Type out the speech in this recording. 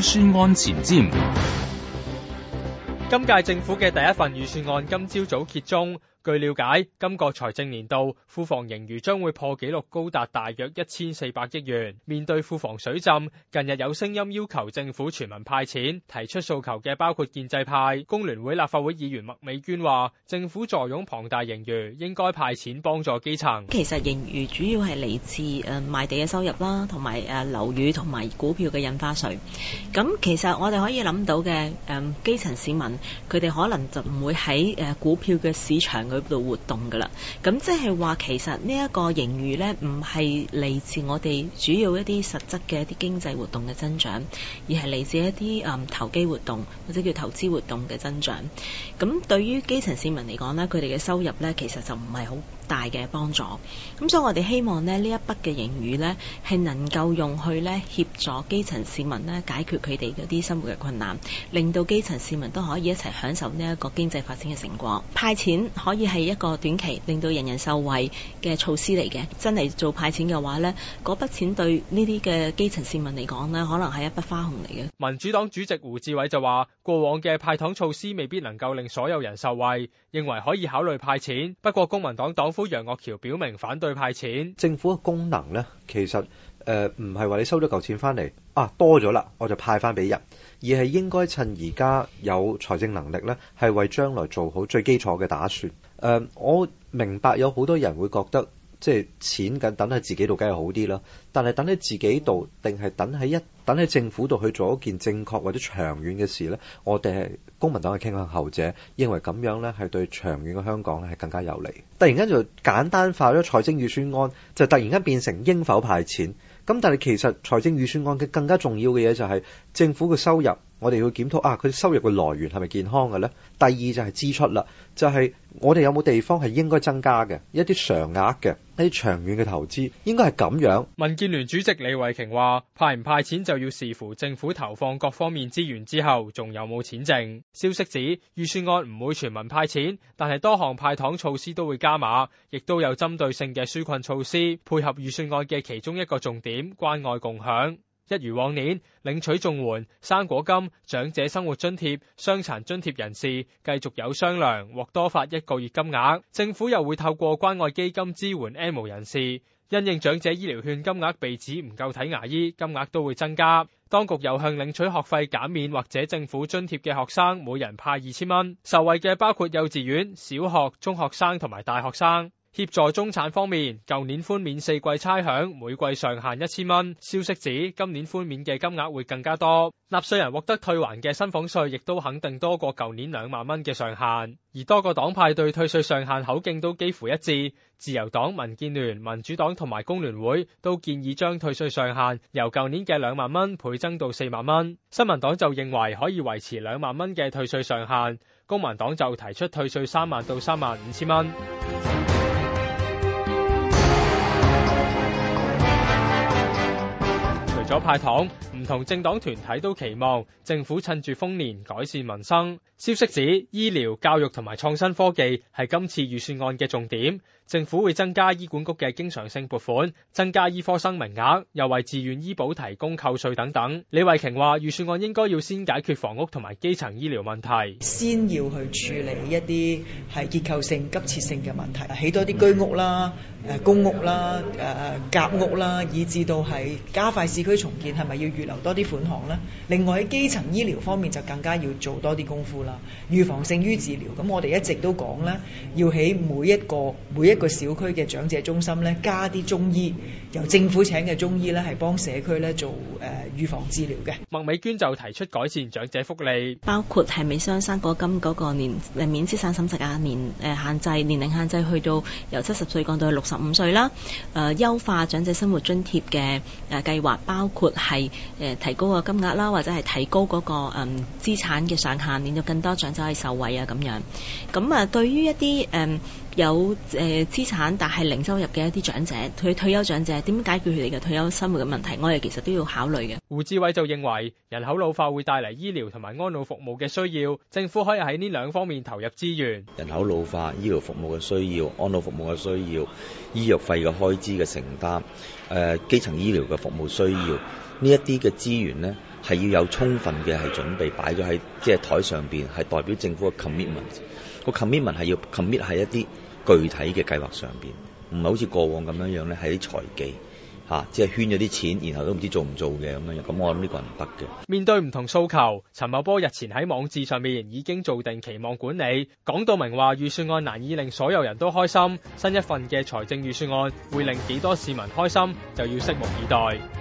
預算案前瞻：今屆政府嘅第一份預算案今朝早，早揭盅。據了解，今個財政年度庫房盈餘將會破紀錄，高達大約一千四百億元。面對庫房水浸，近日有聲音要求政府全民派錢。提出訴求嘅包括建制派工聯會立法會議員麥美娟話，政府坐擁龐大盈餘，應該派錢幫助基層。其實盈餘主要係嚟自誒賣地嘅收入啦，同埋誒樓宇同埋股票嘅印花稅。咁其實我哋可以諗到嘅，誒基層市民佢哋可能就唔會喺誒股票嘅市場。佢度活動㗎啦，咁即係話其實呢一個盈餘咧，唔係嚟自我哋主要一啲實質嘅一啲經濟活動嘅增長，而係嚟自一啲誒投機活動或者叫投資活動嘅增長。咁對於基層市民嚟講咧，佢哋嘅收入咧，其實就唔係好。大嘅幫助，咁所以我哋希望呢呢一筆嘅盈餘呢，係能夠用去呢協助基層市民呢解決佢哋嗰啲生活嘅困難，令到基層市民都可以一齊享受呢一個經濟發展嘅成果。派錢可以係一個短期令到人人受惠嘅措施嚟嘅。真係做派錢嘅話呢，嗰筆錢對呢啲嘅基層市民嚟講呢，可能係一筆花紅嚟嘅。民主黨主席胡志偉就話，過往嘅派糖措施未必能夠令所有人受惠，認為可以考慮派錢。不過公民黨黨，民主黨主。楊岳橋表明反對派錢，政府嘅功能咧，其實誒唔係話你收咗嚿錢翻嚟啊多咗啦，我就派翻俾人，而係應該趁而家有財政能力咧，係為將來做好最基礎嘅打算。誒、呃，我明白有好多人會覺得。即係錢緊等喺自己度，梗係好啲啦。但係等喺自己度，定係等喺一等喺政府度去做一件正確或者長遠嘅事呢？我哋係公民黨嘅傾向後者，認為咁樣呢係對長遠嘅香港呢係更加有利。突然間就簡單化咗財政預算案，就突然間變成應否派錢。咁但係其實財政預算案嘅更加重要嘅嘢就係政府嘅收入。我哋要檢討啊，佢收入嘅來源係咪健康嘅呢？第二就係支出啦，就係、是、我哋有冇地方係應該增加嘅一啲常額嘅一啲長遠嘅投資，應該係咁樣。民建聯主席李慧瓊話：派唔派錢就要視乎政府投放各方面資源之後，仲有冇錢剩。消息指預算案唔會全民派錢，但係多項派糖措施都會加碼，亦都有針對性嘅紓困措施，配合預算案嘅其中一個重點關愛共享。一如往年，領取綜援、生果金、長者生活津貼、傷殘津貼人士繼續有商量，獲多發一個月金額。政府又會透過關愛基金支援 m 人士，因應長者醫療券金額被指唔夠睇牙醫，金額都會增加。當局又向領取學費減免或者政府津貼嘅學生，每人派二千蚊。受惠嘅包括幼稚園、小學、中學生同埋大學生。協助中產方面，舊年寬免四季差餉，每季上限一千蚊。消息指今年寬免嘅金額會更加多，納稅人獲得退還嘅薪俸稅亦都肯定多過舊年兩萬蚊嘅上限。而多個黨派對退稅上限口徑都幾乎一致，自由黨、民建聯、民主黨同埋工聯會都建議將退稅上限由舊年嘅兩萬蚊倍增到四萬蚊。新民黨就認為可以維持兩萬蚊嘅退稅上限，公民黨就提出退稅三萬到三萬五千蚊。咗派糖，唔同政黨團體都期望政府趁住豐年改善民生。消息指，醫療、教育同埋創新科技係今次預算案嘅重點。政府會增加醫管局嘅經常性撥款，增加醫科生名額，又為自願醫保提供扣稅等等。李慧瓊話：預算案應該要先解決房屋同埋基層醫療問題，先要去處理一啲係結構性、急切性嘅問題，起多啲居屋啦、誒公屋啦、誒夾屋啦，以至到係加快市區重建，係咪要預留多啲款項呢？另外喺基層醫療方面就更加要做多啲功夫啦，預防勝於治療。咁我哋一直都講咧，要起每一個每一。個小區嘅長者中心呢，加啲中醫，由政府請嘅中醫呢，係幫社區呢做誒預、呃、防治療嘅。麥美娟就提出改善長者福利，包括係未傷生果金嗰個年免資產審查啊，年誒、呃、限制年齡限制去到由七十歲降到六十五歲啦。誒、呃，優化長者生活津貼嘅誒計劃，呃、包括係誒、呃、提高個金額啦，或者係提高嗰、那個嗯資、呃、產嘅上限，令到更多長者可以受惠啊咁樣。咁、呃、啊，對於一啲誒。呃呃有誒資產但係零收入嘅一啲長者，佢退休長者點解決佢哋嘅退休生活嘅問題？我哋其實都要考慮嘅。胡志偉就認為人口老化會帶嚟醫療同埋安老服務嘅需要，政府可以喺呢兩方面投入資源。人口老化、醫療服務嘅需要、安老服務嘅需要、醫藥費嘅開支嘅承擔、誒、呃、基層醫療嘅服務需要，呢一啲嘅資源呢，係要有充分嘅係準備擺咗喺即係台上邊，係代表政府嘅 commitment。個 commitment 係要 commit 係一啲。具體嘅計劃上邊，唔係好似過往咁樣樣咧，喺財技嚇，啊，即係圈咗啲錢，然後都唔知做唔做嘅咁樣，咁我諗呢個係唔得嘅。面對唔同訴求，陳茂波日前喺網誌上面已經做定期望管理，講到明話預算案難以令所有人都開心，新一份嘅財政預算案會令幾多市民開心，就要拭目以待。